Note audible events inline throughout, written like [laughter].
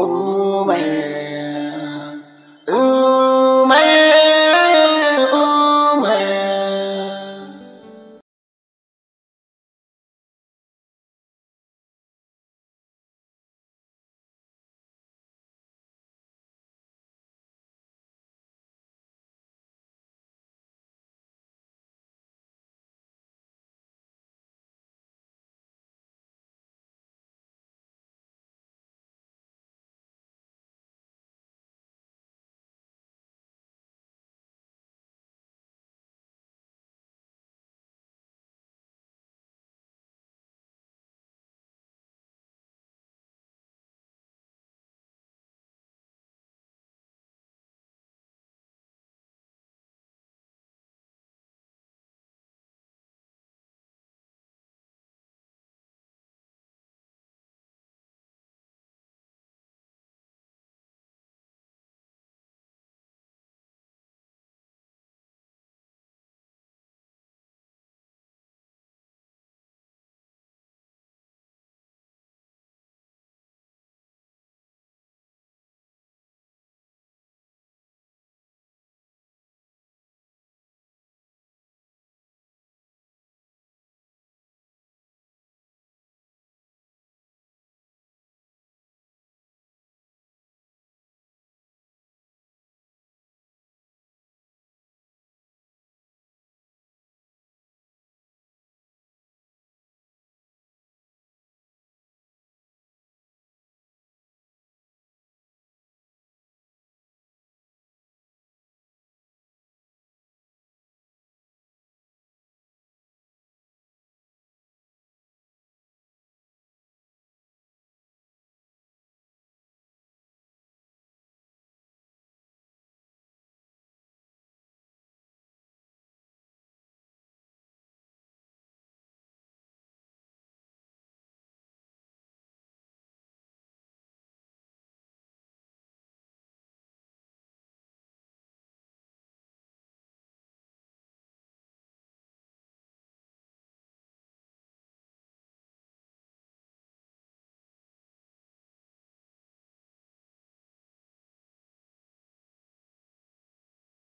Umar Umar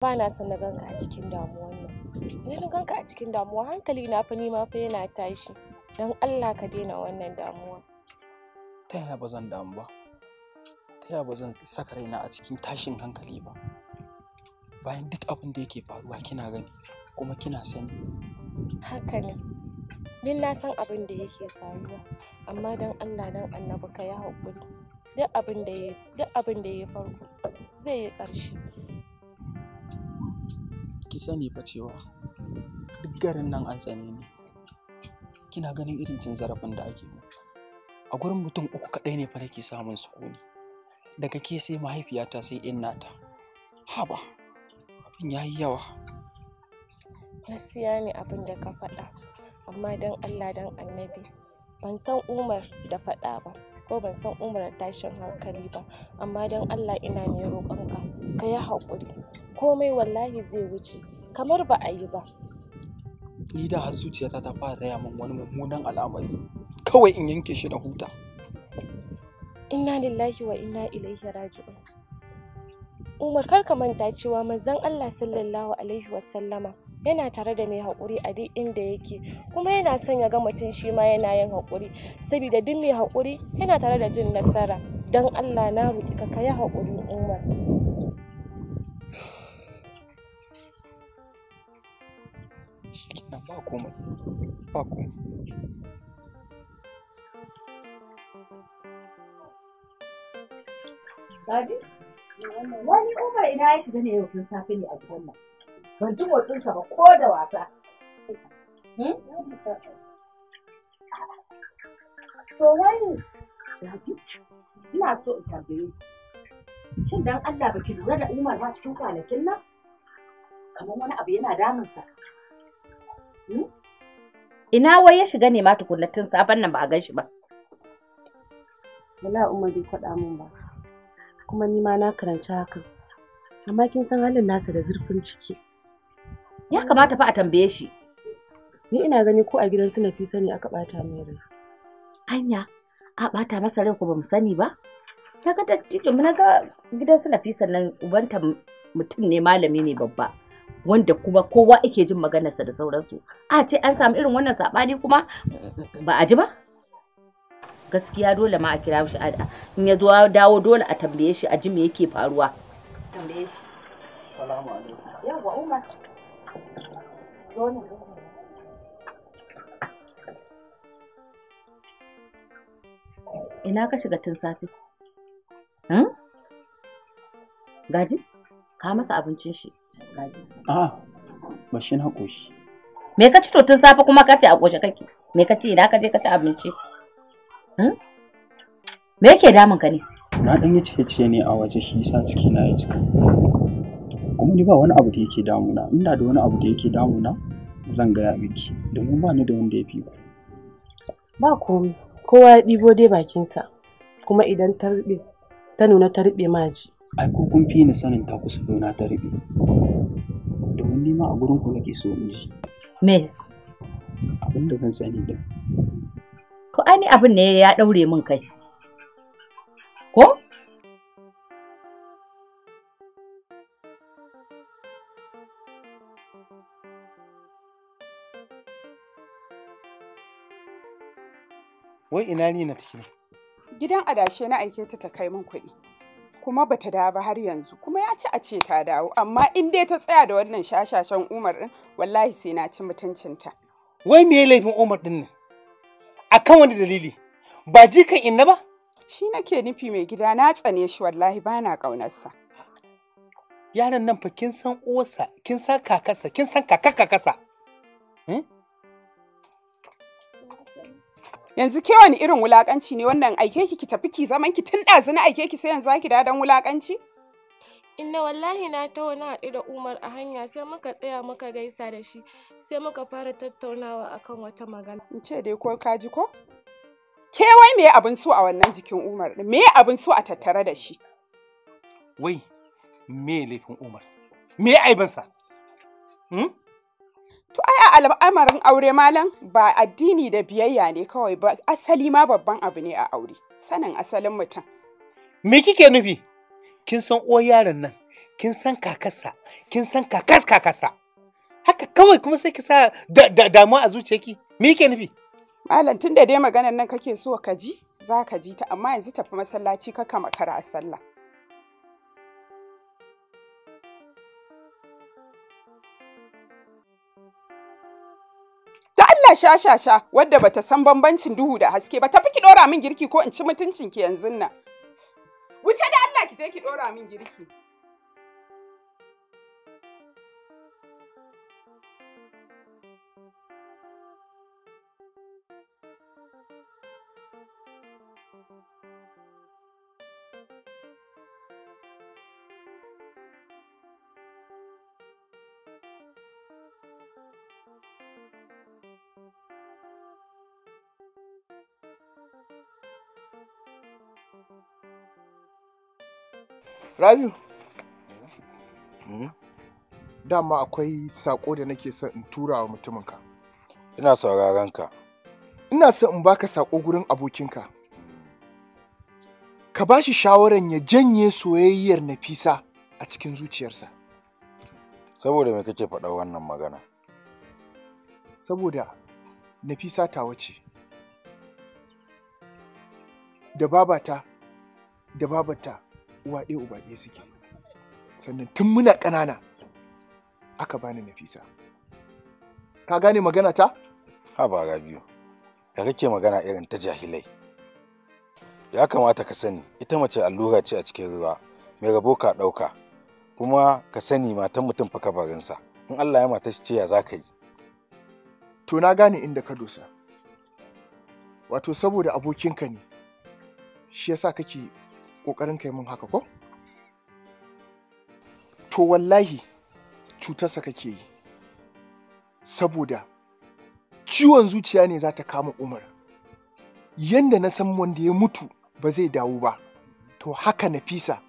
ba na son na ganka a cikin damuwa ne idan na ganka a cikin damuwa hankali na fa nima fa yana tashi don Allah ka daina wannan damuwa ta yaya ba zan damu ba ta yaya ba zan saka raina a cikin tashin hankali ba bayan duk abin da yake faruwa kina gani kuma kina sani haka ne ni na san abin da yake faruwa amma don Allah don annabi ka ya haƙuri duk abin da ya duk abin da ya farko zai yi ƙarshe ki sani fa cewa duk garin nan an tsane ni kina ganin irin cin zarafin da ake yi a gurin mutum uku kaɗai ne fa nake samun sukuni daga ke sai mahaifiyata sai in nata haba abin ya yi yawa gaskiya ne abin da ka faɗa amma don allah don annabi ban san umar da faɗa ba ko ban san umar da tashin hankali ba amma don allah ina mai roƙonka ka yi haƙuri komai wallahi zai wuce kamar ba a yi ba ni da har zuciyata ta fara raya min wani mummunan al'amari kawai in yanke shi da huta inna lillahi wa inna ilaihi raji'un umar kar ka manta cewa manzon Allah sallallahu alaihi wasallama yana tare da mai haƙuri a duk inda yake kuma yana son ya ga mutum shi ma yana yin haƙuri saboda duk mai haƙuri yana tare da jin nasara dan Allah na roki ka kai haƙuri umar nan ba komai ba komai Dadi, wani Umar ina ya shiga ne yau tun safe ne a gidan nan. Ban ji motsinsa ba ko da wasa. Hmm? To wai, Dadi, ina so in tambaye Shin dan Allah baki lura da Umar ba cikin kwanakin nan? Kamar wani abu yana damunsa. Ina wai ya shiga ne ma tukunna tun safen nan ba a gan shi ba. Wala Umar bai faɗa min ba. Kuma ni ma na karanci hakan. Amma kin san halin nasa da zurfin ciki. Ya kamata fa a tambaye shi. Ni ina gani ko a gidan su Nafisa ne aka ɓata mai rai. Anya, a ɓata masa rai ko ba mu sani ba? Na ga dattijo, mun ga gidan su Nafisa nan ubanta mutum ne malami ne babba. wanda kuma kowa ake jin maganarsa da sauransu a ce an samu irin wannan saɓani kuma ba a ji ba gaskiya dole ma a kira shi in ya zo dawo dole a tambaye shi a ji me yake faruwa ina ka shiga tun safe hmm? gaji ka masa abincin shi A'a, ba shi na ƙoshi. Me ka ci to tun safe kuma ka ce a ƙoshi kake? Me ka ci idan ka je ka ci abinci? Hmm? Me yake damun ka ne? Na ɗan yi cike ciye ne a waje shi yasa ciki na ya cika. Kuma ni ba wani abu da yake damuna, ina da wani abu da yake damuna zan gaya miki, domin ba ni da wanda ya fi ku. Ba komai, kowa ya ɗibo dai bakinsa, kuma idan ta ta nuna ta riɓe ma ji. Ai ko kun fi ni sanin ta kusa nuna ta riɓe. don nema a gurin ku nake so in ji me abin da zan sani din Ko ai ni abin ne ya daure min kai ko Wai ina ni na take? Gidan adashe na aike ta ta kai min kuɗi. kuma bata dawo ba har yanzu kuma ya ci a ce ta dawo amma in dai ta tsaya da wannan shashashan umar din wallahi sai na ci mutuncinta wai me laifin umar din nan akan wani dalili ba ji kan inna ba shi nake nufi mai gida na tsane shi wallahi bana ƙaunarsa. yaron nan fa kin san uwarsa kin san kakarsa kin san kakakakasa yanzu ke wani irin wulakanci ne wannan aike ki ki tafi ki zaman ki tun ɗazu na aike ki sai yanzu zaki dadan wulakanci inna wallahi na ta wani haɗu da umar a hanya sai muka tsaya muka gaisa da shi sai muka fara tattaunawa akan wata magana in ce dai ko ka ji ko ke wai me abin so a wannan jikin umar me abin so a tattare da shi wai me laifin umar me aibinsa hmm? To ai a al'amarin aure malam ba addini da biyayya ne kawai ba asali ma babban abu ne a aure sanin asalin mutum. Me kike nufi? Kin san uwar yaron nan, kin san kakarsa, kin san kakas kakarsa. Haka kawai kuma sai ki sa damuwa a zuciyarki. Me kike nufi? Malam tun da dai maganar nan kake so ka ji, za ka ji ta amma yanzu tafi masallaci ka kama kara a sallah. sha shashasha wadda bata san bambancin duhu da haske ba tafi ki dora min girki ko in ci mutuncin ki yanzu nan. Wuce da Allah ki je ki dora min girki. Rabiu. Mm-hmm. Dama akwai sako da nake son in tura wa mutuminka. Ina sauraron ka. Ina son in baka sako gurin abokinka. Ka ba shi shawaran ya janye soyayyar Nafisa a cikin zuciyarsa. Saboda me kake faɗa wannan magana? Saboda Nafisa tawa ce. Da babata da babata uwa ɗaya uba ɗaya suke sannan tun muna ƙanana aka bani nafisa ka gane magana ta ha ba biyu da kake magana irin ta jahilai ya kamata ka sani ita mace allura ce a cikin ruwa mai rabo ka ɗauka kuma ka sani matan mutum fa kabarinsa in allah ya mata shi ce ya za ka yi to na gane inda ka dosa wato saboda abokinka ne shi yasa kake ƙoƙarin kai mun haka ko? To wallahi cutarsa kake yi, saboda ciwon zuciya ne za ta kama Umar. Yanda na san wanda ya mutu ba zai dawo ba, to haka Nafisa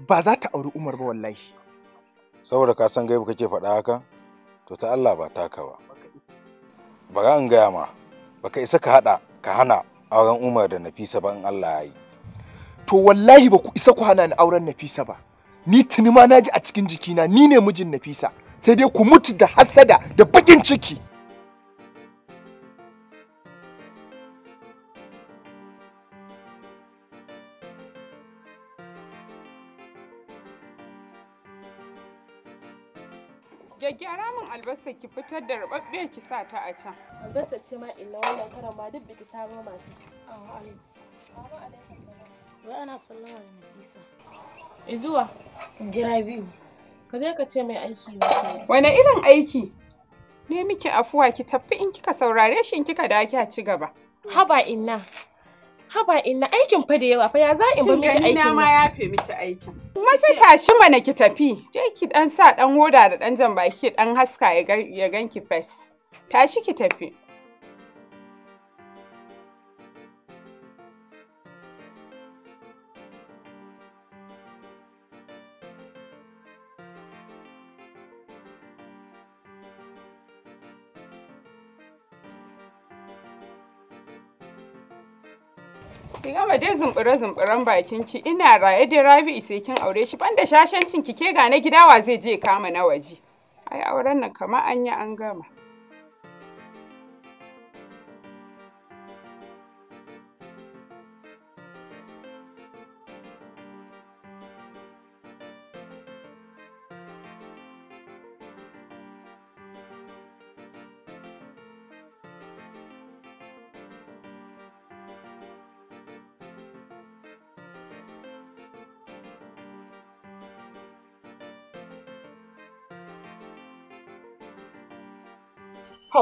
ba za ta auri Umar ba wallahi. Saboda ka san gaibu kake faɗa haka? To ta Allah ba taka ba. Ba ga an gaya ma, baka isa ka haɗa ka hana auren Umar da Nafisa ba in Allah ya yi. to wallahi ba ku isa ku hana ni auren Nafisa ba ni tuni ma naji a cikin jikina ni ne mijin Nafisa sai dai ku mutu da hasada da bakin ciki gyara min albasa ki fitar da rubabbe ki sa ta a can albasa ce ma illa wannan karan ma duk biki sabon masu Wai ana sallama da Nafisa. Izuwa. Eh, Jira biyu. Ka je ka ce mai aiki ya Wane irin aiki? Ne miki afuwa ki tafi in kika saurare shi in kika da a ci gaba. Haba inna. Haba inna aikin fa da yawa fa ya za in ba miki aikin. Kin ma ya fe miki aikin. Kuma sai tashi mana ki tafi. Je ki dan sa dan hoda da dan jan baki dan haska ya ganki fes. Tashi ki tafi. ba dai zumbure zumburen bakin ki ina raye da Rabi'u sai kin aure shi banda shashancin ki ke ga na gida wa zai je kama na waje ai auren nan kamar an yi an gama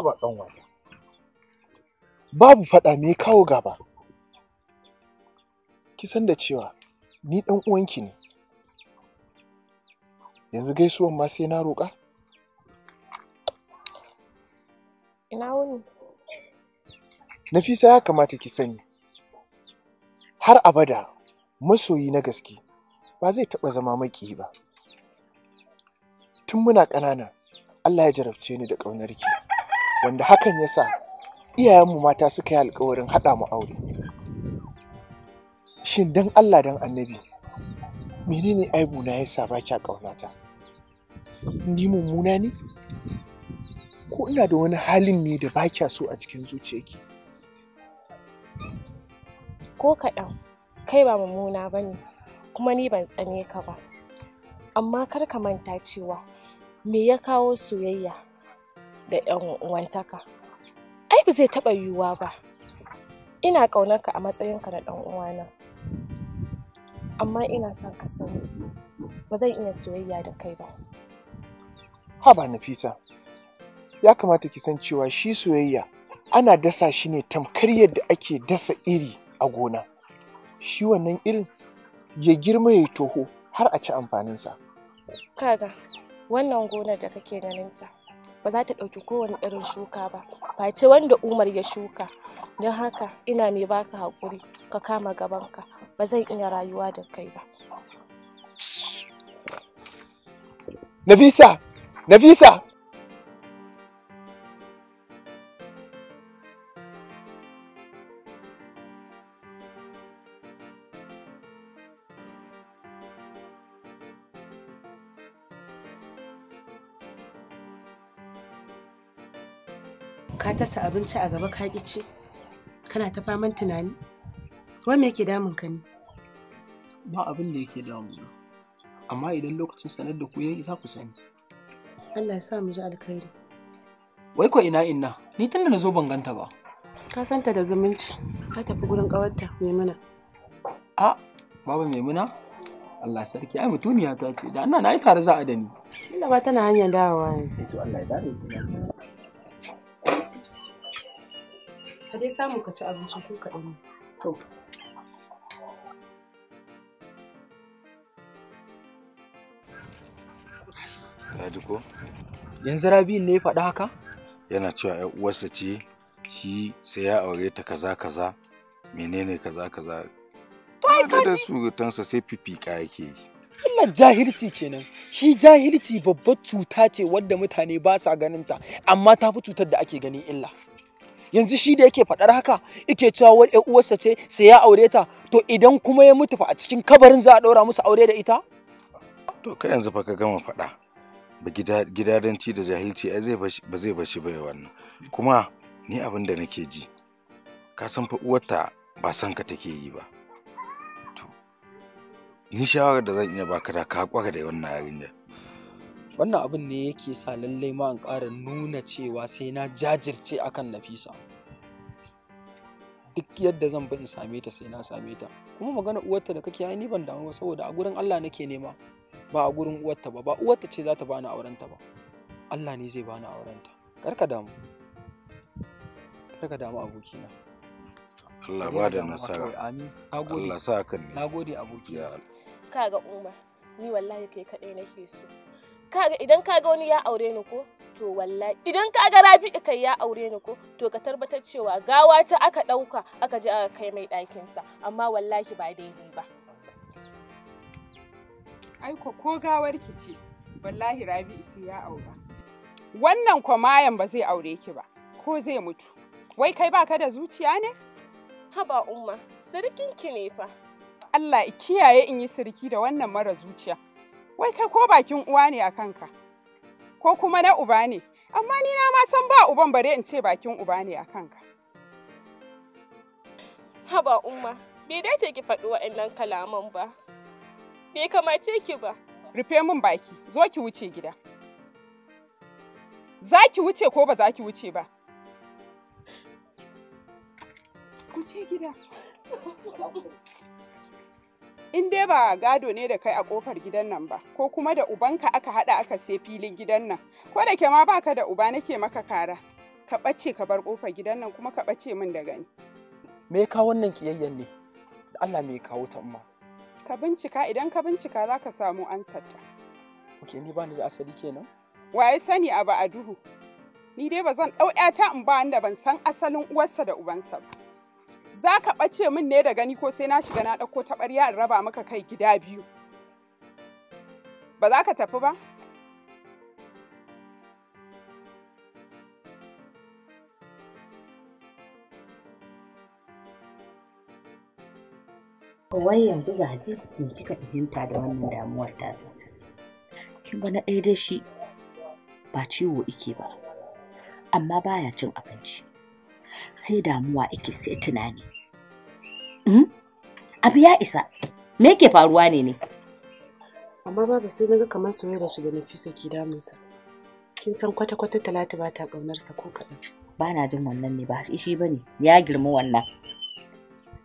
ɗan wata babu faɗa me kawo gaba ki san da cewa ni ɗan uwanki ne yanzu gaisuwan ma sai na roƙa ina wuni nafisa ya kamata ki sani har abada masoyi na gaske ba zai taɓa zama maki ba tun muna ƙanana Allah ya jarabce ni da ƙaunarki. ki wanda hakan ya sa iyayenmu mata suka yi alkawarin haɗa mu aure shin dan allah dan annabi menene aibu na ya sa baki ƙaunata ni mummuna ne ko ina da wani halin ne da baki so a cikin zuciyarki ko kaɗan kai ba mummuna ba ne kuma ni ban tsane ka ba amma kar ka manta cewa me ya kawo soyayya da yan uwantaka ai ba zai taɓa yiwuwa ba ina ƙaunarka a matsayinka na ɗan uwana amma ina son ka sani ba zan iya soyayya da kai ba haba nafisa ya kamata ki san cewa shi soyayya ana dasa shi ne tamkar yadda ake dasa iri a gona shi wannan irin ya girma ya toho har a ci amfaninsa kaga wannan gonar da kake ganinta ba za ta ɗauki kowane irin shuka ba face wanda umar ya shuka don haka ina mai baka haƙuri ka kama gabanka ba zan iya rayuwa da kai ba nafisa nafisa sa abinci a gaba ka ci kana ta faman tunani wa me yake damun ka ne ba abin da yake damuna amma idan lokacin sanar da ku ya isa ku sani Allah ya sa mu ji alkhairi wai ko ina inna ni tunda na zo ban ganta ba ka santa da zumunci ka tafi gurin kawarta maimuna a baba maimuna Allah sarki ai mutuniya ta ce da ana na yi tare za a da ni Allah ba tana hanyar dawowa yanzu to Allah ya dare ka dai samu ka ci abinci ko ka ne. To. Gaji ko? Yanzu rabin ne ya faɗi haka? Yana cewa ‘yan uwarsa ce shi sai ya aure ta kaza kaza menene kaza kaza. Ai kaji. Da surutansa sai fifika yake yi. wannan jahilci kenan shi jahilci babbar cuta ce wadda mutane ba sa ganin ta amma ta fi cutar da ake gani illa yanzu shi da yake faɗar haka yake cewa wai ƴar uwarsa ce sai ya aure ta to idan kuma ya mutu fa a cikin kabarin za a ɗaura musu aure da ita to kai yanzu fa ka gama faɗa ba gidadanci da jahilci ai zai ba zai bashi ba wannan kuma ni abin da nake ji ka san fa uwarta ba san ka take yi ba ni shawarar da zan iya baka da ka kwaga da wannan yarinya wannan abin ne yake sa lallai ma in ƙara nuna cewa sai na jajirce akan nafisa duk yadda zan bi in same ta sai na same ta kuma magana uwarta da kake yi ni ban damu ba saboda a gurin Allah nake nema ba a gurin uwarta ba ba uwarta ce za ta bani aurenta ba Allah ne zai bani aurenta kar ka damu kar ka damu abokina Allah ba da nasara Allah sa kan ne nagode abokina kaga Umar ni wallahi kai kadai nake so idan ka wani ya aure ni ko to wallahi idan ka ga rabi'u kai ya aure ni ko to ka tabbatar cewa gawa ta aka ɗauka aka je aka kai mai ɗakinsa amma wallahi ba daidai ba aiko ko gawar ki ce wallahi rabi'u sai ya aura wannan kwamayan ba zai aure ki ba ko zai mutu wai kai baka da zuciya ne haba umma ki ne fa Allah kiyaye in yi sirki da wannan mara zuciya wai kai ko bakin uwa ne a kanka ko kuma na uba ne amma ni na ma san ba uban bare in ce bakin uba ne a kanka haba umma bai dace ki faɗi wa'annan kalaman ba bai kamace ki ba rufe min baki zo ki wuce gida za ki wuce ko ba za ki wuce ba wuce gida in dai ba gado ne da kai a kofar gidan nan ba ko kuma da ubanka aka hada aka sai filin gidan nan ko da ke ma baka da uba nake maka kara ka bace ka bar kofar gidan nan kuma ka bace min da gani me ya kawo wannan kiyayyen ne da Allah me ya kawo ta amma ka bincika idan ka bincika za ka samu ansar ta okay ni ba ni da asali kenan waye sani ba a duhu ni dai ba zan dau in ba wanda ban san asalin uwarsa da ubansa ba za ka ɓace min ne da gani ko sai na shiga na ɗauko taɓarya in raba maka kai gida biyu ba za ka tafi ba wai yanzu gaji me kika fahimta da wannan damuwar tasa kin ga na ɗaya da shi ba ciwo ike ba amma baya cin abinci sai damuwa ake sai tunani hmm? abu ya isa me yake faruwa ne ne amma babu sai na ga kamar soyayya da shi da nafisa ke damunsa kin san kwata-kwata talatu ba ta ƙaunarsa ko kaɗan ba na jin wannan ne ba shi ba ne ya girma wannan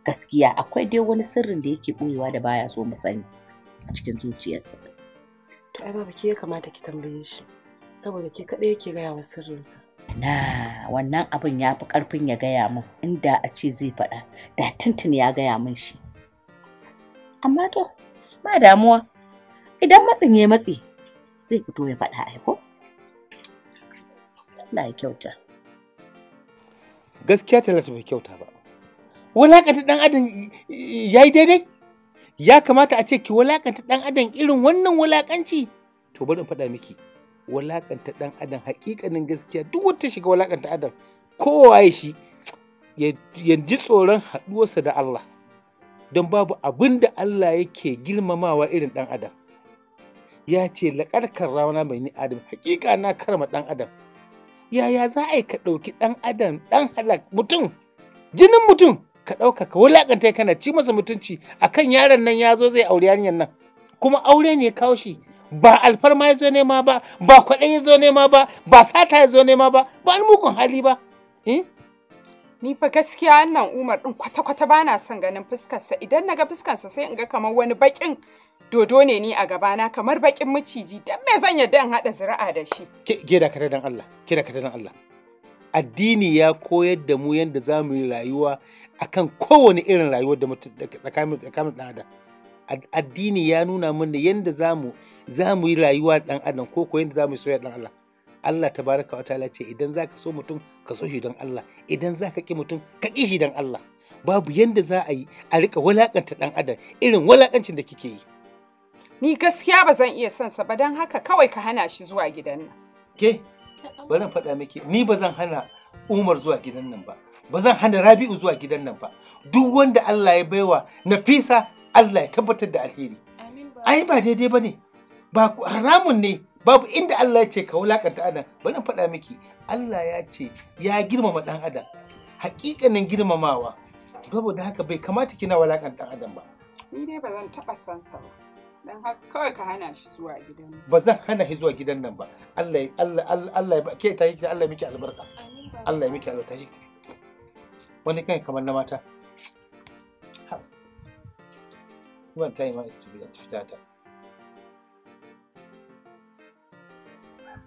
gaskiya akwai dai wani sirrin da yake ɓoyewa da baya so mu sani a cikin zuciyarsa to ai babu ke ya kamata ki tambaye shi saboda ke kaɗai yake gaya wa sirrinsa na wannan abin ya fi karfin ya gaya min inda a ce zai faɗa da tuntun ya gaya min shi amma to ba damuwa idan matsin ya matsi zai fito ya faɗa aiko Allah ya kyauta gaskiya talata bai kyauta ba wulakanta ɗan adam ya yi daidai ya kamata a ce ki wulakanta ɗan adam irin wannan wulakanci to bari in faɗa miki walakanta dan adam hakikanin gaskiya duk wata shiga walakanta adam kowa ya shi ya ji tsoron haɗuwarsa da Allah don babu abin da Allah yake girmamawa irin ɗan adam ya ce laƙarkar rawana mai ni adam hakika na karma ɗan adam yaya za a yi ka ɗauki ɗan adam dan halak mutum jinin mutum ka ɗauka ka wulaƙanta kana ci masa mutunci akan yaron nan ya zo zai aure yarinyar nan kuma aure ne kawo shi ba alfarma ya zo nema ba ba kwaɗayi ya zo nema ba ba sata ya zo nema ba ba an hali ba ni fa gaskiya wannan umar din kwata-kwata ba na son ganin fuskarsa idan na ga fuskarsa sai in ga kamar wani bakin dodo ne ni a gabana kamar bakin maciji dan me zan yadda in haɗa zuri'a da shi ke da kada dan Allah ke da kada dan Allah addini ya koyar da mu yadda za mu yi rayuwa akan kowane irin rayuwar da tsakanin tsakanin adam addini ya nuna mana yadda za mu za mu yi rayuwa dan adam ko ko yadda za mu yi soyayya dan Allah Allah tabaraka wa ta'ala ce idan za ka so mutum ka so shi dan Allah idan za ka ki mutum ka ki shi dan Allah babu yadda za a yi a rika walakanta dan adam irin walakancin da kike yi ni gaskiya ba zan iya son sa ba don haka kawai ka hana shi zuwa gidan nan ke bari faɗa miki ni ba zan hana Umar zuwa gidan nan ba ba zan hana Rabi'u zuwa gidan nan ba duk wanda Allah ya baiwa Nafisa Allah ya tabbatar da alheri ai ba daidai ba ne. ba haramun ne babu inda Allah ya ce ka wulakanta adam bari faɗa miki Allah ya ce ya girmama ɗan adam hakikanin girmamawa babu da haka bai kamata kina wulakanta adam ba ni dai ba zan taɓa san sa ba dan haka kawai ka hana shi zuwa gidan nan ba zan hana shi zuwa gidan nan ba Allah Allah Allah ke ta yake Allah miki albarka Allah ya miki albarka shi wani kai kamar na mata ha wannan tayi ma ita ta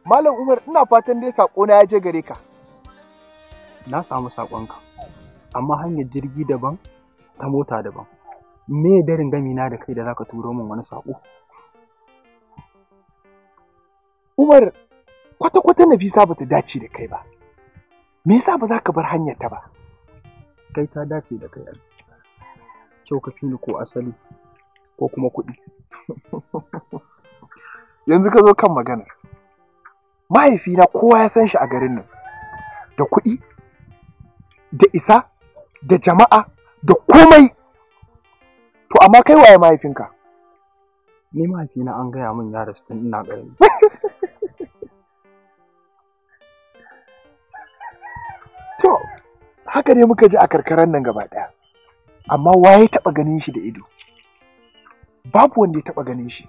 Malam Umar ina fatan dai sako na ya je gare ka. Na samu sakonka. Amma hanyar jirgi daban ta mota daban. Me darin gami na da kai da zaka turo min wani sako? Umar kwata-kwata na Nafisa bata dace da kai ba. Me yasa ba za ka bar hanyar ta ba? Kai ta dace da kai. Kyau ka fini ko asali ko kuma kuɗi. [laughs] Yanzu ka zo kan maganar. mahaifina kowa ya san shi a garin nan da kuɗi da isa da jama'a da komai to amma kai waye mahaifinka ni mahaifina an gaya min ya rasu ina garin [laughs] to haka ne muka ji a karkarar nan gaba ɗaya amma waye taɓa ganin shi da ido babu wanda ya taɓa ganin shi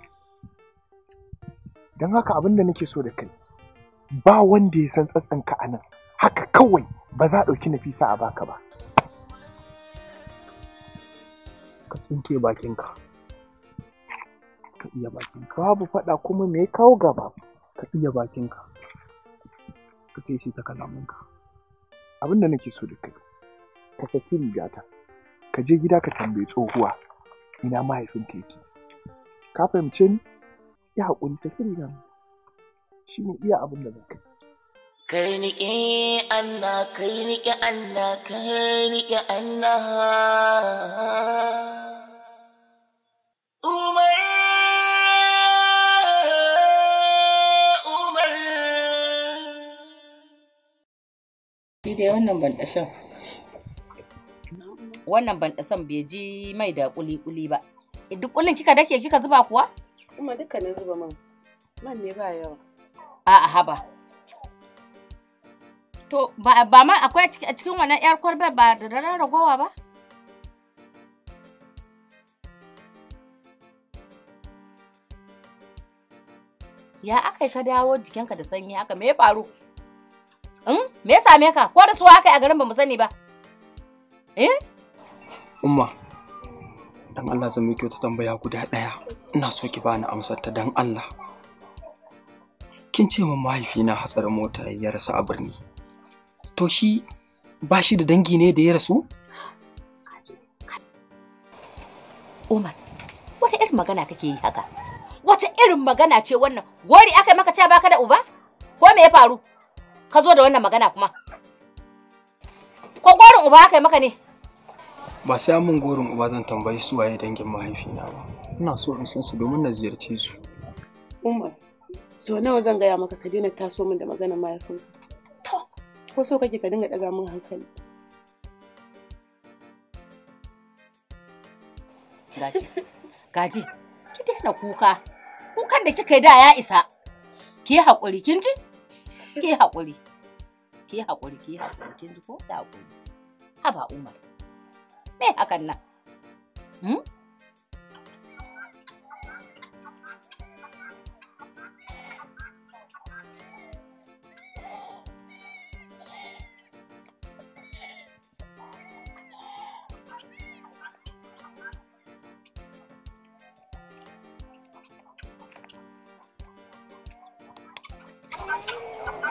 don haka abin da nake so da kai ba wanda ya san tsatsanka a nan haka kawai ba za a ɗauki nafisa a baka ba ka tsinke bakinka ka iya bakinka babu faɗa kuma me kawo gaba ka iya bakinka ka sai shi ta kalamunka. abin da nake so da kai ka saki rigata ka je gida ka tambayi tsohuwa ina mahaifin yake ka fahimce ni ya haƙuri saki rigata shi ne iya abin da za ka kai niƙe Allah kai niƙe Allah kai niƙe Allah shi dai wannan bandashan wannan bandasan bai ji mai da kuli-kuli ba duk kulin kika dake kika zuba kuwa kuma duka ne zuba man man ne ba yawa A'a haba. To ba ma akwai a cikin wannan 'yar kwalbar ba da ranar ragowa ba? ya aka ka dawo jikinka da sanyi haka me ya faru in hmm? me ya same ka ko da suwa aka yi a garin ba mu sani ba eh umma dan Allah zan miki wata tambaya guda daya ina so ki bani amsar ta dan Allah kin ce mahaifi mahaifina hatsarin mota ya rasu a birni to shi ba shi da dangi ne da ya rasu Umar, wata irin magana kake yi haka? Wata irin magana ce wannan? Gori aka maka ba baka da uba? Ko me ya faru? Ka zo da wannan magana kuma. Ko gorin uba aka yi maka ne? Ba sai mun gorin uba zan tambayi su waye dangin mahaifina ba. Ina so in san su domin na ziyarce su. Umar, so nawa zan gaya maka ka daina taso min da magana mahaifinka to ko so kake ka dinga daga min hankali gaji gaji ki daina kuka kukan da kika yi da ya isa ki yi haƙuri kin ji ki yi haƙuri ki yi haƙuri ki yi haƙuri kin ji ko da haƙuri haba umar me hakan nan hmm?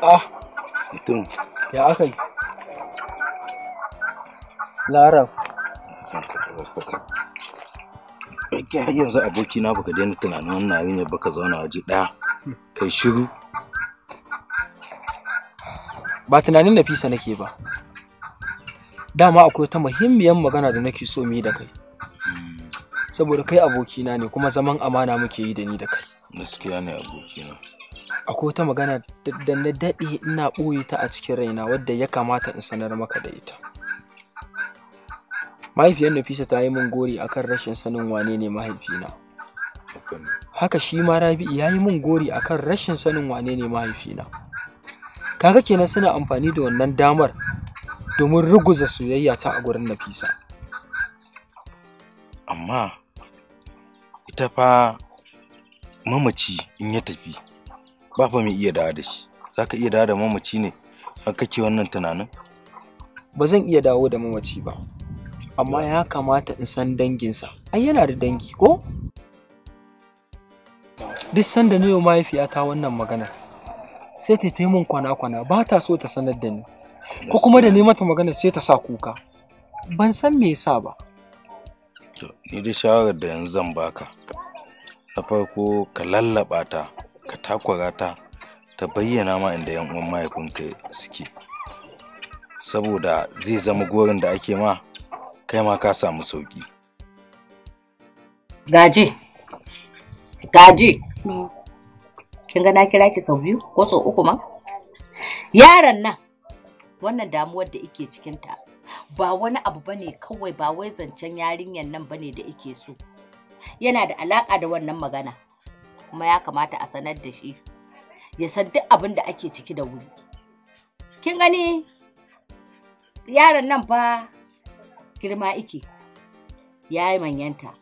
ah mutum ya aka yi larab Ake har yanzu abokina baka daina tunanin wannan yarinyar baka zauna a waje ɗaya kai shiru ba tunanin nafisa nake ba dama akwai ta muhimmiyar magana da nake so mu yi da kai hmm. saboda kai abokina ne kuma zaman amana muke yi da ni da kai gaskiya ne abokina akwai wata magana da na daɗe ina ɓoye ta a cikin raina wadda ya kamata in sanar maka da ita mahaifiyar nafisa ta yi min gori akan rashin sanin wane ne mahaifina haka shi ma rabi'i ya yi min gori akan rashin sanin wane ne mahaifina kaga kenan suna amfani da wannan damar domin ruguza soyayya ta a gurin nafisa amma ita fa mamaci in ya tafi ba fa mai iya dawo da shi za ka iya dawo da mamaci ne har kake wannan tunanin ba zan iya dawo da mamaci ba amma ya kamata in san danginsa ai yana da dangi ko duk sanda na mahaifiyata wannan magana sai ta yi min kwana-kwana ba ta so ta sanar da ni ko kuma da ni mata magana sai ta sa kuka ban san me yasa ba ni da shawarar da yanzu zan baka na farko ka lallaba ta ka takura ta ta bayyana ma inda yan uwan mahaifinka suke saboda zai zama gorin da ake ma kai ma ka samu sauki gaji gaji mm. kin ga na kira ki sau biyu ko sau uku ma yaron nan wannan damuwar da cikin ta, ba wani abu bane kawai ba wai zancen yarinyar nan bane da ike so yana da alaka da wannan magana kuma ya kamata a sanar da shi ya san duk abin da ake ciki da wuri kin gani yaron nan fa girma ike ya yi manyanta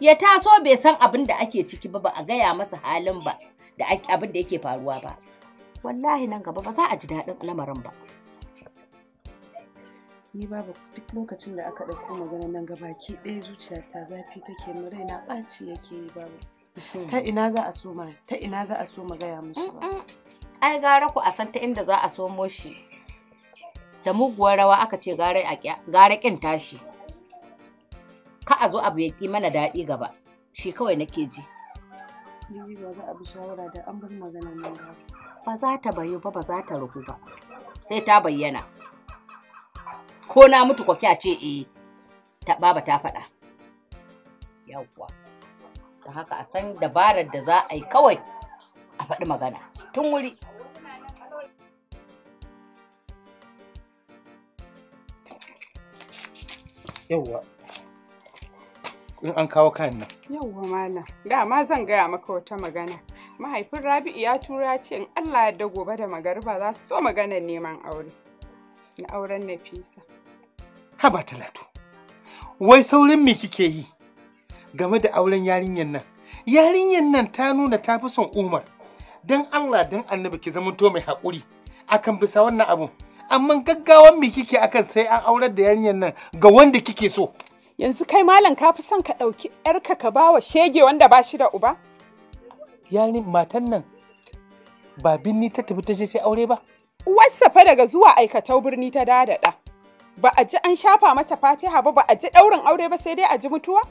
ya taso bai san abin da ake ciki ba ba a gaya masa halin ba da abin da yake faruwa ba wallahi nan gaba ba za a ji daɗin lamarin ba ni babu duk lokacin da aka ɗauko magana nan gaba ki ɗaya zuciyata zafi take mu raina ɓaci yake yi babu Hmm. ta ina za a soma ta ina za a soma gaya ba. ai gara ku a san ta inda za a somo shi da muguwar rawa aka ce gara kin tashi ka a zo abu ya ki mana daɗi gaba shi kawai nake ji ba za a bi shawara da an bar magana nan ba za ta bayu ba ba za ta ruhu ba sai ta bayyana ko na mutu kwakya ce eh ta baba ta faɗa yawwa da haka a san dabarar da za a yi kawai a faɗi magana tun wuri yauwa in an kawo kayan nan yauwa da dama zan gaya maka wata magana mahaifin rabi'u ya tura ce in allah ya da gobe da magariba za su so maganar neman aure na auren nafisa haba talatu wai saurin me kike yi game da auren yarinyar nan yarinyar nan ta nuna ta fi son umar don allah don annabi ki zamanto mai haƙuri akan bisa wannan abun amma gaggawan me kike akan sai an aurar da yarinyar nan ga wanda kike so yanzu kai malam ka fi son ka ɗauki yarka ka ba wa shege wanda ba shi da uba yarin matan nan ba binni ta tafi ta je sai aure ba uwarsa fa daga zuwa aikatau birni ta dada da ba a ji an shafa mata fatiha ba ba a ji ɗaurin aure ba sai dai a ji mutuwa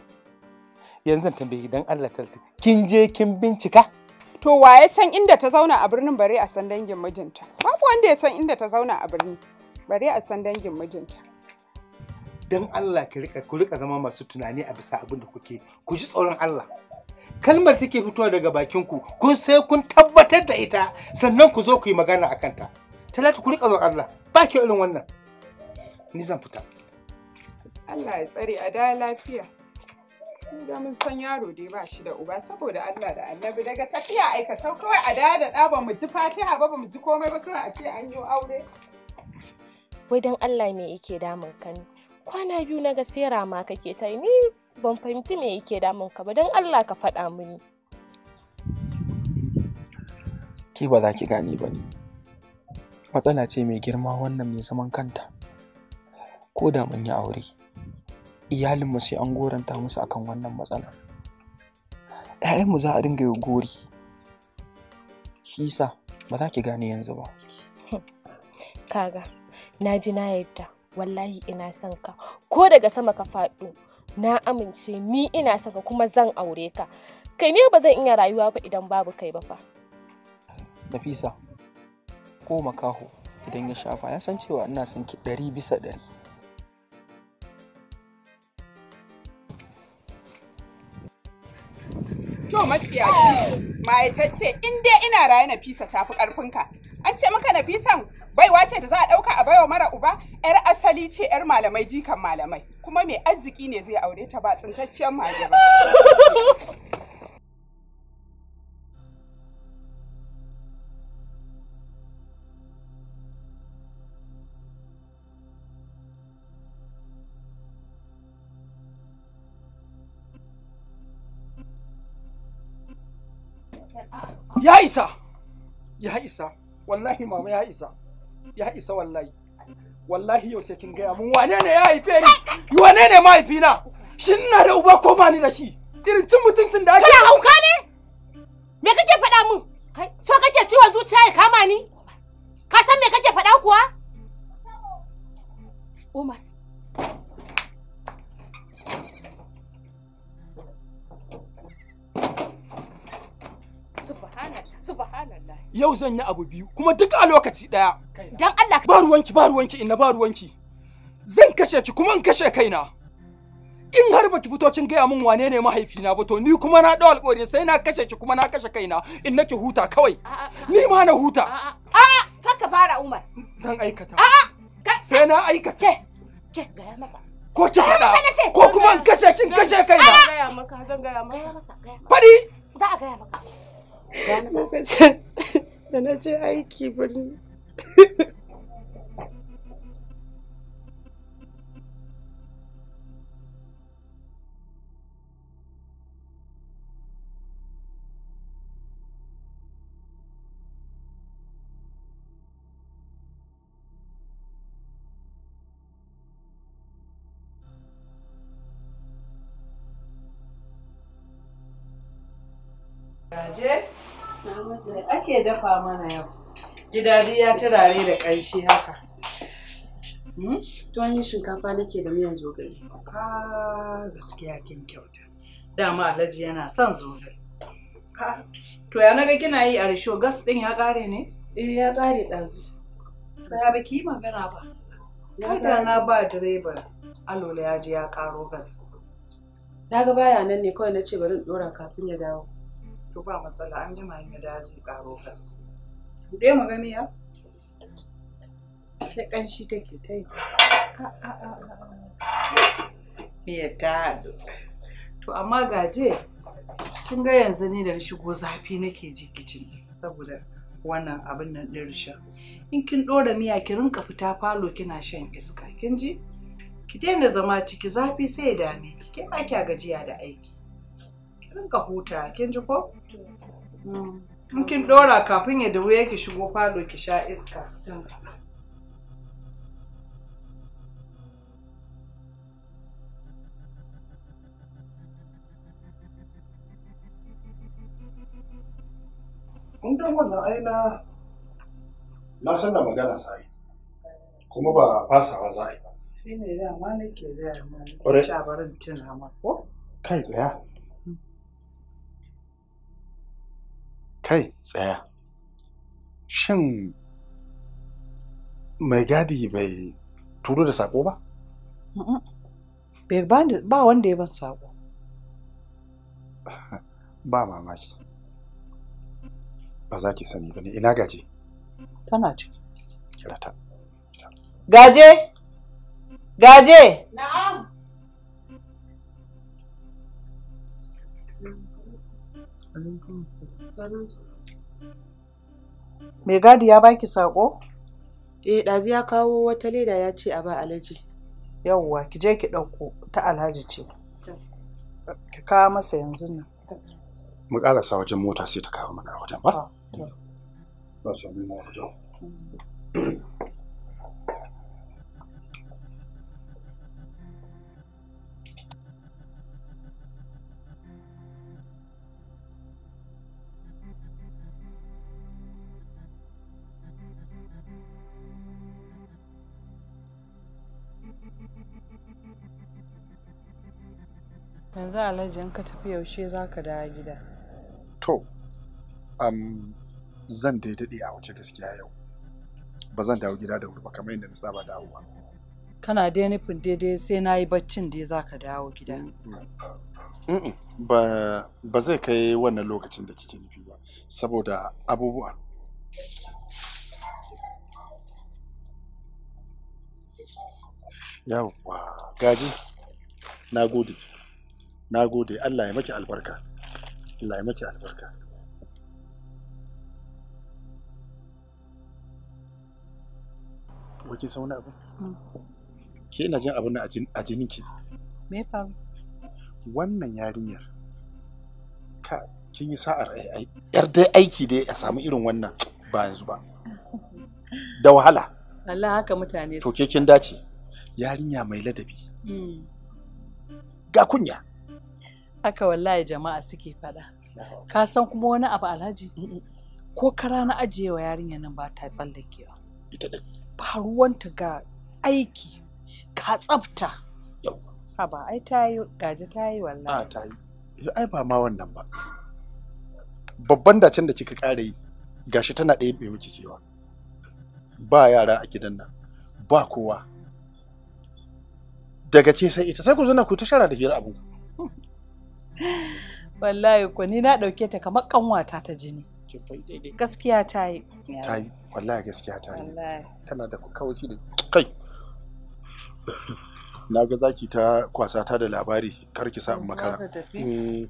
yanzu tambayi don Allah talti kin je kin bincika to waye san inda ta zauna a birnin bare a san dangin mijinta babu wanda ya san inda ta zauna a birni bare a san dangin mijinta dan Allah ki rika ku rika zama masu tunani a bisa abin da kuke ku ji tsoron Allah kalmar take fitowa daga bakin ku kun sai kun tabbatar da ita sannan ku zo ku yi magana akan ta talatu ku rika zo Allah ba ki irin wannan ni zan fita Allah ya tsare a da lafiya da mun san yaro dai ba shi da uba saboda Allah da annabi daga tafiya aikatau kawai a da da ɗa ba mu ji fatiha ba ba mu ji komai ba kawai a ce an yi aure. Wai don Allah me yake damun ka Kwana biyu na ga ma kake ta ni ban fahimci me yake damun ka ba don Allah ka faɗa mini. Ki ba za ki gane ba ne. Matsala ce mai girma wannan mai zaman kanta. Ko da mun yi aure, iyalinmu sai an goranta musu akan wannan matsala. ‘ya'yanmu za a dinga yi gori hisa ba za ki gane yanzu ba kaga na ji na yadda wallahi ina son ka ko daga sama ka faɗo na amince ni ina son ka kuma zan aure ka kai ne ba zan iya rayuwa ba idan babu kai ba fa nafisa ko makaho idan ya shafa ya san cewa ina son ki ɗari bisa ɗari To matsiyaci, ta ce in dai ina raye Nafisa tafi ƙarfinka. An ce maka Nafisan baiwa ce da za a ɗauka a baiwa mara uba, 'yar asali ce 'yar malamai jikan malamai, kuma mai arziki ne zai aure ta ba tsintacciyar malamai. [laughs] ya isa ya isa wallahi mama ya isa ya isa wallahi wallahi yau sai kin gaya mun wane ne ya haife ni wane ne mahaifina shin ina da uba ko ba ni da shi irin cin mutuncin da ake kana hauka ne me kake faɗa mun so kake ciwon zuciya ya kama ni ka san me kake faɗa kuwa Umar yau zan yi abu biyu kuma duk a lokaci daya dan Allah ka ruwanki ba ruwanki inna ba ruwanki zan kashe ki kuma in kashe kaina in har baki fito kin gaya min wane ne mahaifina ba to ni kuma na dau alƙawari sai na kashe ki kuma na kashe kaina in nake huta kawai ni ma na huta a kaka fara Umar zan aikata a sai na aikata ke ke gaya masa ko ki faɗa ko kuma in kashe kin kashe kaina gaya maka zan gaya maka faɗi za a gaya maka lokacin da na je aiki birni ake dafa mana yau? Gida ya turare da ƙarshe haka. Hmm? Tuwon shinkafa nake da miyan zogale. Ah, gaskiya kin kyauta. Dama Alhaji yana son zogale. To ya naga kina yi a risho gas ɗin ya ƙare ne? Eh ya ƙare ɗazu. Ba ba ki magana ba. Kada na ba direba alola ya je ya ƙaro gas. Na ga baya nan ne kawai na ce bari in ɗora kafin ya dawo. To ba matsala an jima in da daji karo gas. Buɗe mu ga miya. Ta ƙanshi take ta yi. Miyar ta haɗu. To amma gaje kin ga yanzu ni da na shigo zafi nake ji kicin saboda wannan abin nan ɗin risha. In kin ɗora miya ki rinka fita falo kina shan iska kin ji? Ki daina zama ciki zafi sai ya dame ba kya gajiya da aiki. ka huta kin ji ko mm. in kin dora kafin ya da wuya ki shigo falo ki sha iska kun ga wannan aina na san da magana kuma ba fasawa za a yi ba nake da ko kai tsaya Kai tsaya, shin mai gadi bai turo da sako ba? Ba wanda ya ban sako. [laughs] Ba mamaki. Ba za ki sani ba ne, ina gaje? Tana ce Kira ta. Gaje! Gaje! Na'am! Mai gadi ya baki sako? Eh, ɗazu ya kawo wata leda ya ce a ba Alhaji. Yawwa, ki je ki ɗauko ta Alhaji ce. Ki kawo masa yanzu nan. Mu ƙarasa wajen mota sai ta kawo mana wajen ba? Ba su wajen. yanzu alhaji in ka tafi yaushe za ka dawo gida to um, zan dai a wace gaskiya yau ba zan dawo gida da wuri ba kamar yadda na saba dawowa kana dai nufin daidai sai na yi baccin dai za ka dawo gida ba zai kai wannan lokacin da kike nufi ba saboda abubuwa yawwa gaji na gode na gode Allah ya maki albarka Allah ya maki albarka wace san wani abu mm. ke ina jin abin a jinin ki me faru wannan yarinyar ka kin yi sa'ar yar dai aiki dai a samu irin wannan ba yanzu ba [laughs] da wahala Allah haka mutane to ke kin dace yarinya mai ladabi mm. ga kunya haka wallahi jama'a suke faɗa ka san kuma wani abu alhaji ko kara na ajiyewa yarinya nan ba ta tsallakewa ita din ba ruwanta ga aiki ka tsafta ha ba ai ta yi gaji ta yi wallahi a ta yi eh, ai ba ma wannan ba babban dacen da kika ƙara yi gashi tana ɗaya bai miki cewa ba yara a gidan nan ba kowa daga ke sai ita sai ku zana ku ta shara da hira abu [laughs] wallahi ko ni na dauke ta kamar kanwata ta jini gaskiya ta yi ta yi wallahi gaskiya ta yi tana da kawaci da kai na ga zaki ta kwasa ta da labari kar ki sa in makara mm.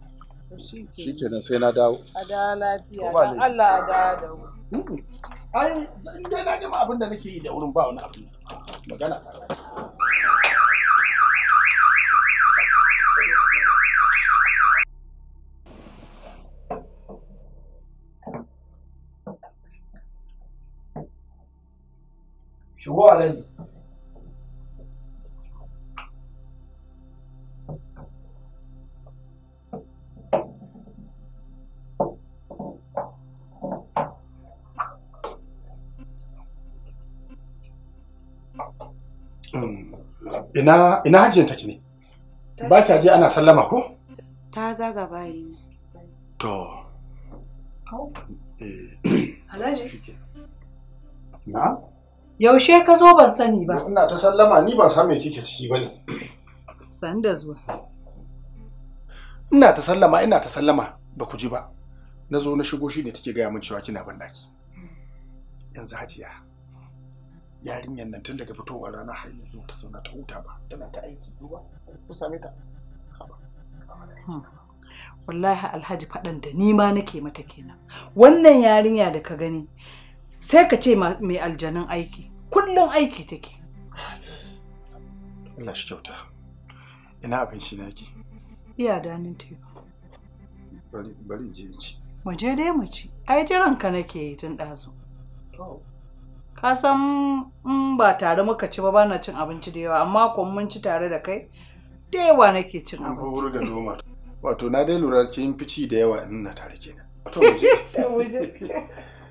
shikenan sai na dawo a lafiya Allah a da dawo ai na gama abin da nake yi da wurin ba wani abu magana ta Tu vois, à l'aise. ina ina hajiyar take ne ba kya je ana sallama ko ta zaga bayi to eh. alhaji na Yaushe ka zo ban sani ba. Ina ta sallama ni ban san me kike ciki ba ne. San da zuwa. Ina ta sallama ina ta sallama ba ku ji ba. Na zo na shigo shi ne take gaya min cewa kina ban daki. Yanzu Hajiya yarinyar nan tun daga fitowar rana har yanzu ta zauna ta huta ba tana ta aiki duba ku same ta. Hmm. Wallahi Alhaji faɗan da ni ma nake mata kenan. Wannan yarinya da ka gani sai ka ce mai aljanin aiki kullum aiki take Allah shi kyauta ina abinci na ki iya danin teku bari bari je ci mu je dai mu ci ai jiran ka nake yi tun ɗazu ka san in ba tare muka ci ba ba na cin abinci da yawa amma kun mun ci tare da kai da yawa nake cin abinci wato na dai lura kin fici da yawa in na tare kenan to mu je [laughs]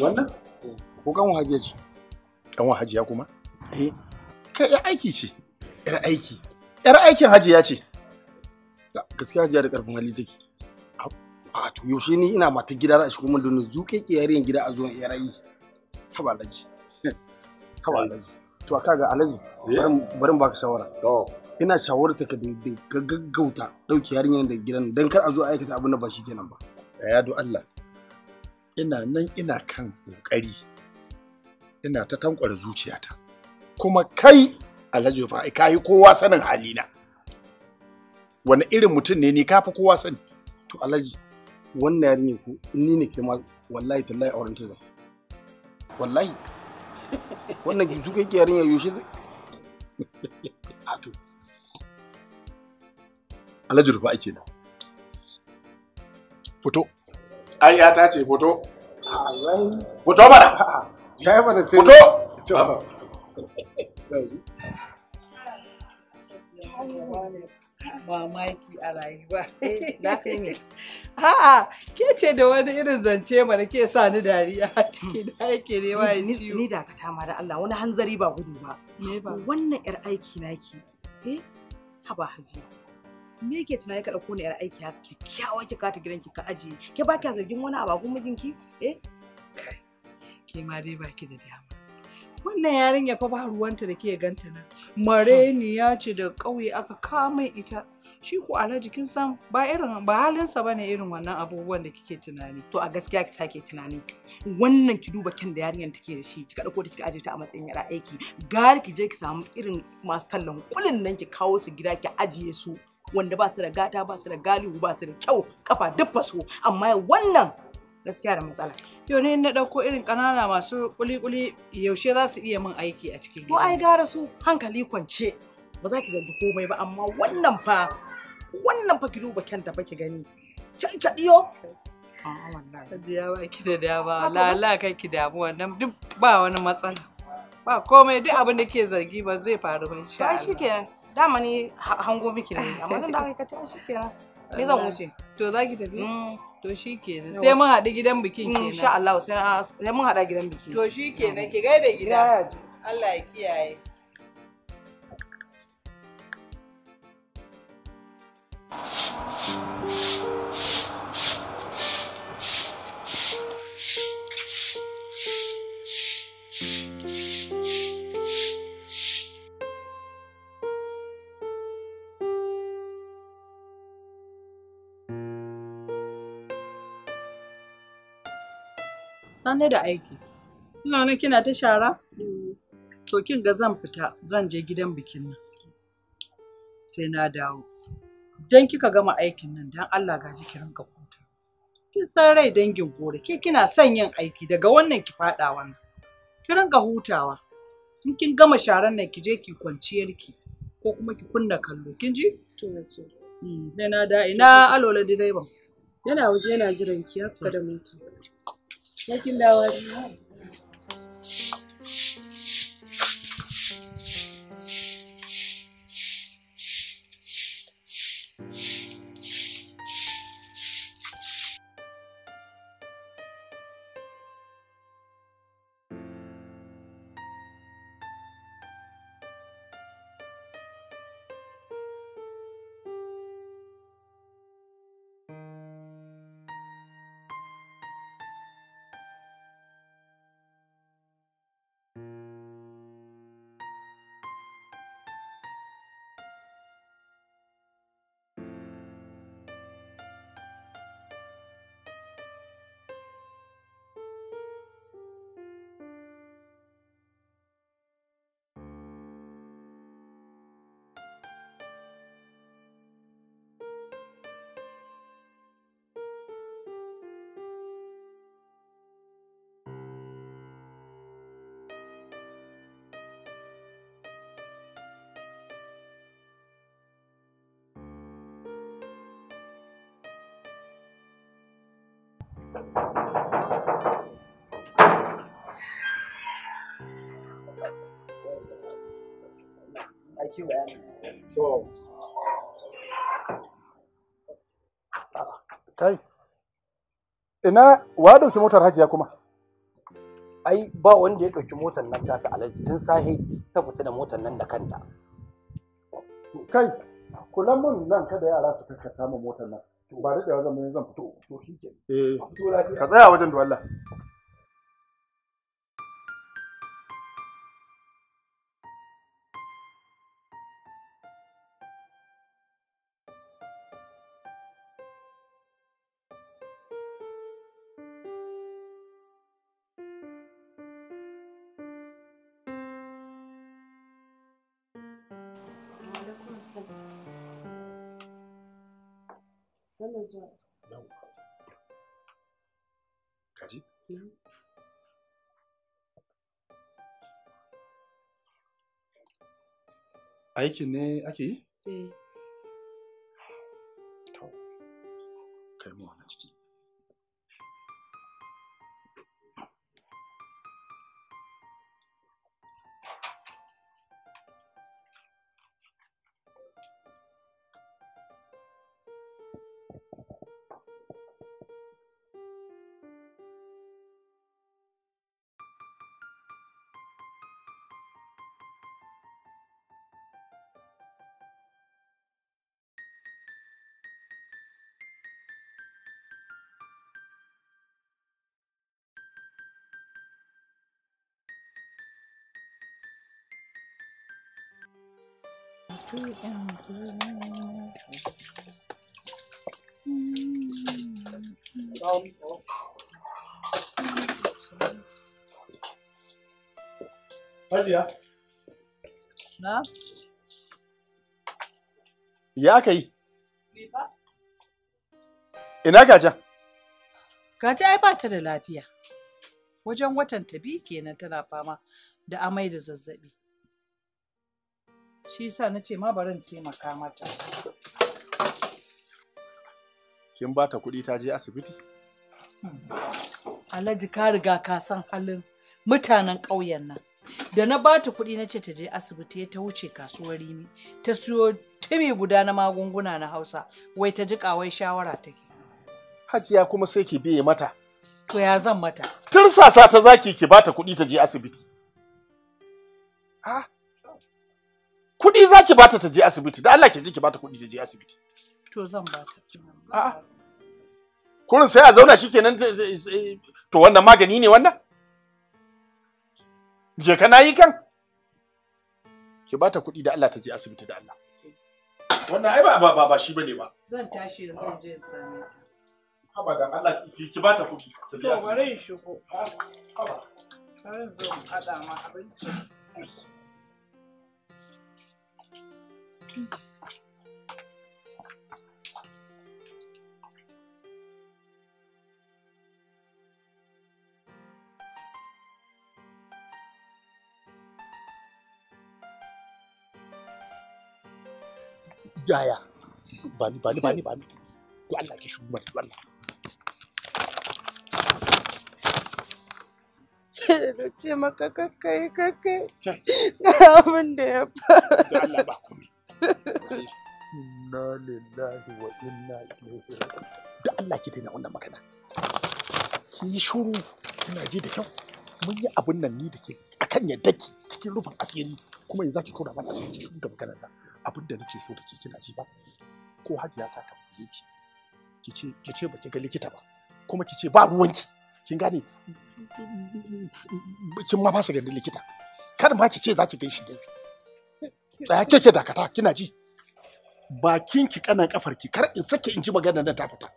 wannan ko kan hajiya ce kan hajiya kuma eh kai yar aiki ce yar aiki yar aikin hajiya ce gaskiya hajiya da karfin hali take a to yaushe ni ina matar gida za a shigo min donin zuke kiyariyan gida a zuwan yar aiki haba alhaji [laughs] haba alhaji to aka ga alhaji eh. bari baka shawara ina ta ka da gaggauta dauki yarinyar da gidan dan kar a zo aikata abin da ba shi kenan ba ya do Allah ina nan ina kan ƙoƙari ina ta tankwara zuciyata kuma kai alhaji ba ka yi kowa sanin halina wani irin mutum ne ni kafi kowa sani to alhaji wannan ne ko ni ne ke ma wallahi tallahi auren ta wallahi wannan duka yarin ya yoshi [laughs] to alhaji rufa ake nan fito ai ya ta ce fito fito mana [laughs] ya mana fito mamaki a rayuwa [laughs] na kai ne ke ce da wani irin zance mana ke sa ni dariya ciki da yake ne wa ciwo ni dakata ma da Allah wani hanzari ba gudu ba wannan yar aiki naki eh haba hajiya me yake tunani ka dauko ni yar aiki haka kyakkyawa ki kata ki ka ajiye ke ba kya zargin wani abu kuma mijinki eh ke ma dai ki da dama wannan yarinya fa ba ruwanta da ke ganta nan mareniya ce da ƙauye aka kama ita shi ko alhaji kin san ba irin ba sa bane irin wannan abubuwan da kike tunani to a gaskiya ki sake tunani wannan ki duba kin da yarinyar take da shi ki kada ko kika aje ta a matsayin yara aiki gari ki je ki samu irin masu tallan kulin nan ki kawo su gida ki ajiye su wanda ba su da gata ba su da galihu ba su da kyau kafa duk faso amma wannan gaskiya da matsala. Yau ne na ɗauko irin ƙanana masu kuli-kuli yaushe za su iya min aiki a cikin gida. Ko ai gara su hankali kwance ba za ki zargi komai ba amma wannan fa wannan fa ki duba kanta fa ki gani. Caɗiyo. Ajiya ba ki da dama lala kai ki damuwa. wannan duk ba wani matsala. Ba komai duk abin da ke zargi ba zai faru ba insha Allah. Ba shi kenan. dama ni hango miki ne amma nan da ka tashi kenan ni zan wuce to za ki tafi mm. to shi kenan sai mun haɗu gidan mm, bikin kenan insha Allah sai mun haɗa gidan bikin to shi ki gaida gida Allah ya kiyaye ne da aiki. Ina nan kina ta shara? To kin ga zan fita zan je gidan bikin nan. Sai na dawo. Dan kika gama aikin nan dan Allah ga ji kiran ka huta. Kin san rai dangin gore ke kina son yin aiki daga wannan ki fada wannan. Kiran ka hutawa. In kin gama sharan nan ki je ki kwanciyar ki ko kuma ki kunna kallo kin ji? To nace. Hmm, sai na da ina alola direban. Yana waje yana jiran ki haka da mutum. Thank you, Melody. Kai, ina wa ɗauki motar hajiya kuma? Ai, ba wanda ya ɗauki motar nan ta alaji tun sahi ta fita da motar nan da kanta. Kai, kula mun nan kada yara su kakkata mu motar nan. ba da zan fito to eh. ka tsaya wajen duwalla Thank you. da zuwa. Yawwa. ne ake yi? Eh. kai mu ciki. Hajiya. Na? Ya Ina gaja? Gaja ai ba ta da lafiya. Wajen watan ta biyu kenan tana fama da amai da zazzaɓi. shi yasa na ce ma barin taimaka mata kin ba ta kuɗi ta je asibiti alhaji ka riga ka san halin mutanen ƙauyen nan da na bata kuɗi na ce ta je asibiti ya ta wuce kasuwar rimi ta siyo tumi guda na magunguna na hausa wai ta ji ƙawai shawara take hajiya kuma sai ki biye mata to ya zan mata tursasa ta zaki ki ba ta kuɗi ta je asibiti ah kuɗi za ki bata ta je asibiti da Allah ke ji ki bata kuɗi ta je asibiti to zan bata a'a kurin sai a zauna shikenan eh, eh, eh, to wannan magani ne wannan je kana yi kan ki bata kuɗi da Allah ta je asibiti da Allah wannan ai ba ba ba shi bane ba zan tashi da zan je in haba dan Allah ki ki bata kuɗi ta je asibiti to bare shi ko haba karen zo hada ma abinci Jaya, ya. bani bani iya. bani bani. Ku lagi semua, kuat lagi. wannan. Ce kakak kakak kakak, kakai kakai. apa? abin inna lillahi wa inna ilaihi da Allah ki daina wannan magana ki yi shuru kina ji da kyau mun yi abun nan ni da ke a akan yadda ki cikin rufin asiri kuma yanzu ki tura mana asiri shuru da maganar nan abin da nake so da ki kina ji ba ko hajiya ta tambaye ki ki ce ki ce baki ga likita ba kuma ki ce ba ruwanki kin gane kin ma ba su ganin likita kar ma ki ce za ki gan shi gefe tsaya keke dakata kina ji bakin ki kanan kafar ki kar in sake in ji magana nan ta fita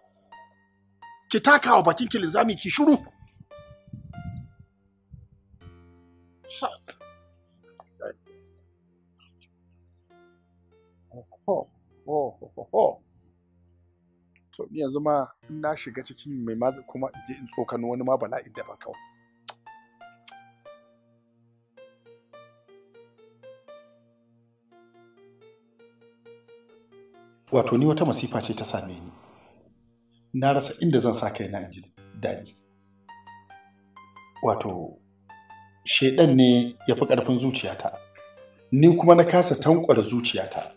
ki taka wa bakin ki linzami ki shiru ho ho to ni yanzu ma in na shiga cikin mai kuma in je in tsokano wani ma bala'in da ba kawai wato ni wata masifa ce ta same ni na rasa inda zan sa kaina in ji daɗi wato shaidan ne ya fi ƙarfin zuciyata ni kuma na kasa tankwara zuciyata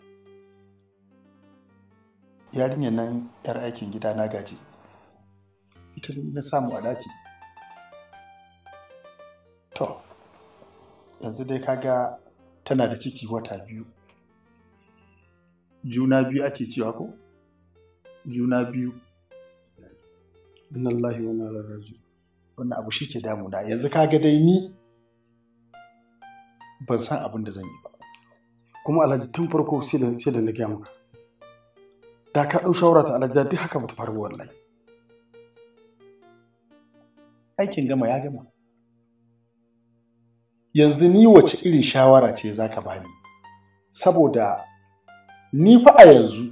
yarinyar nan 'yar aikin gida na gaji ita ne na samu a ɗaki to yanzu dai kaga tana da ciki wata biyu juna biyu ake cewa ko juna biyu innallahi wa inna ilaihi wannan abu shi ke damuna yanzu kaga dai ni ban san abin da zan yi ba kuma alhaji tun farko sai da na gaya maka da ka ɗau shawara ta alhaji duk haka ba ta faru wallahi aikin gama ya gama yanzu ni wace irin shawara ce za ka bani saboda ni fa a yanzu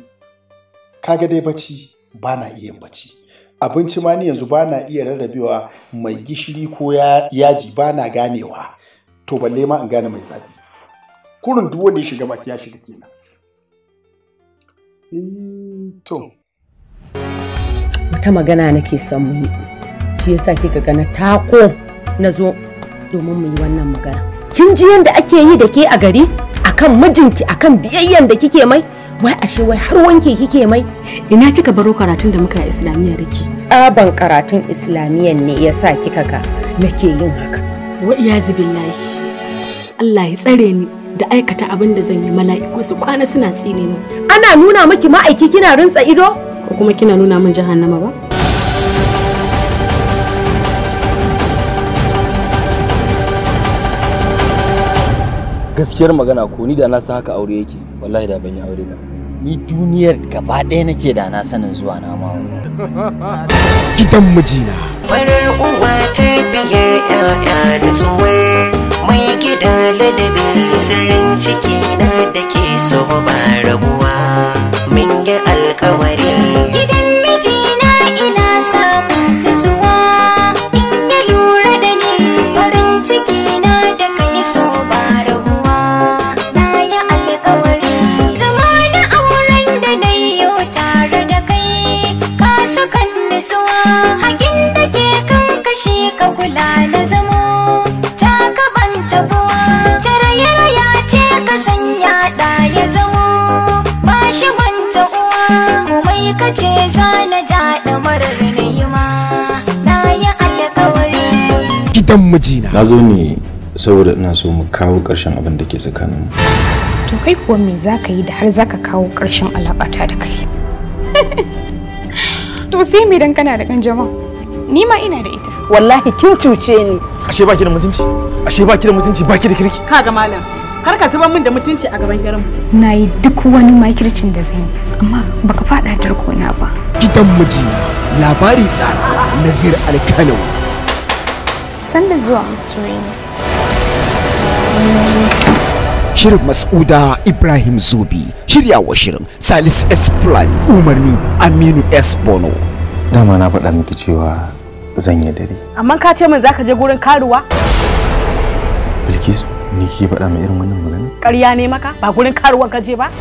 kaga dai bacci ba na iya bacci abinci ma ni yanzu ba na iya rarrabewa mai gishiri ko yaji ba na ganewa to balle ma in gane mai zafi kurin duk wanda ya shiga baki ya shiga kenan eh, to wata magana nake son mu yi shi yasa kika ga na tako na zo domin mu yi wannan magana kin ji yadda ake yi da ke a gari akan mijinki akan biyayyen da kike mai wai ashe wai har wanki kike mai ina kika baro karatun da muka islamiyya da tsaban karatun islamiyya ne yasa kika ga, nake yin haka wa iyazu billahi Allah ya tsare ni da aikata abin da zan yi mala'iku su kwana suna tsine ni ana nuna miki ma'aiki kina rintsa ido ko kuma kina nuna min jahannama ba gaskiyar magana ko ni da na san haka aure yake wallahi da ban yi aure ba ni duniyar gaba ɗaya nake da na sanin zuwa na ma [laughs] gidan mijina farar uwa tarbiyar ƴaƴa da mai gida ladabi sirrin ciki na da ke so ba rabuwa min yi alkawari natsuwa hakin da ke kan kashi ka kula na zamo ta kaban tabuwa ta raya ce ka sanya da ya zamo ba shi wanta uwa komai ka ce zana da ɗamarar ma na yi alkawari gidan mijina na zo ne saboda ina so mu kawo ƙarshen abin da ke tsakaninmu to kai kuwa me za ka yi da har za ka kawo ƙarshen alaƙata da kai [laughs] to sai me dan kana da kanjamau ni ma ina da ita wallahi kin cuce ni ashe baki da mutunci ashe baki da mutunci baki da kirki kaga malam kar ka zuba min da mutunci a gaban garin na yi duk wani makircin da zan yi amma baka fada darko na ba gidan mijina labari tsara nazir alkanawa Sannan zuwa masoyi ne shirin mas'uda ibrahim zobi shiryawa shirin salis s plan umarni aminu s bono dama na faɗa miki cewa zan yi dare amma ka ce min zaka je gurin karuwa bilkisu ni ke faɗa mai irin wannan magana ƙarya ne maka ba gurin karuwan ka je ba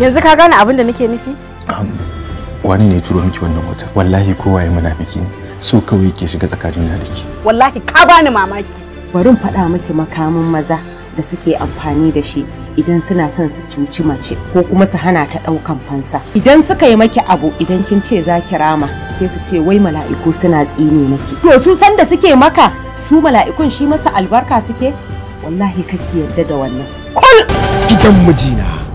yanzu ka gane abin da nake nufi wani ne turo miki wannan wata wallahi kowa ya munafiki ne so kawai ke shiga tsakanin na da ke wallahi ka bani mamaki bari faɗa miki makamin maza da suke amfani da shi idan suna son su cuci mace ko kuma su hana ta ɗaukan fansa idan suka yi maki abu idan kin ce za ki rama sai su ce wai mala'iku suna tsine maki to su san da suke maka su mala'ikun shi masa albarka suke wallahi kake yarda da wannan kul gidan mijina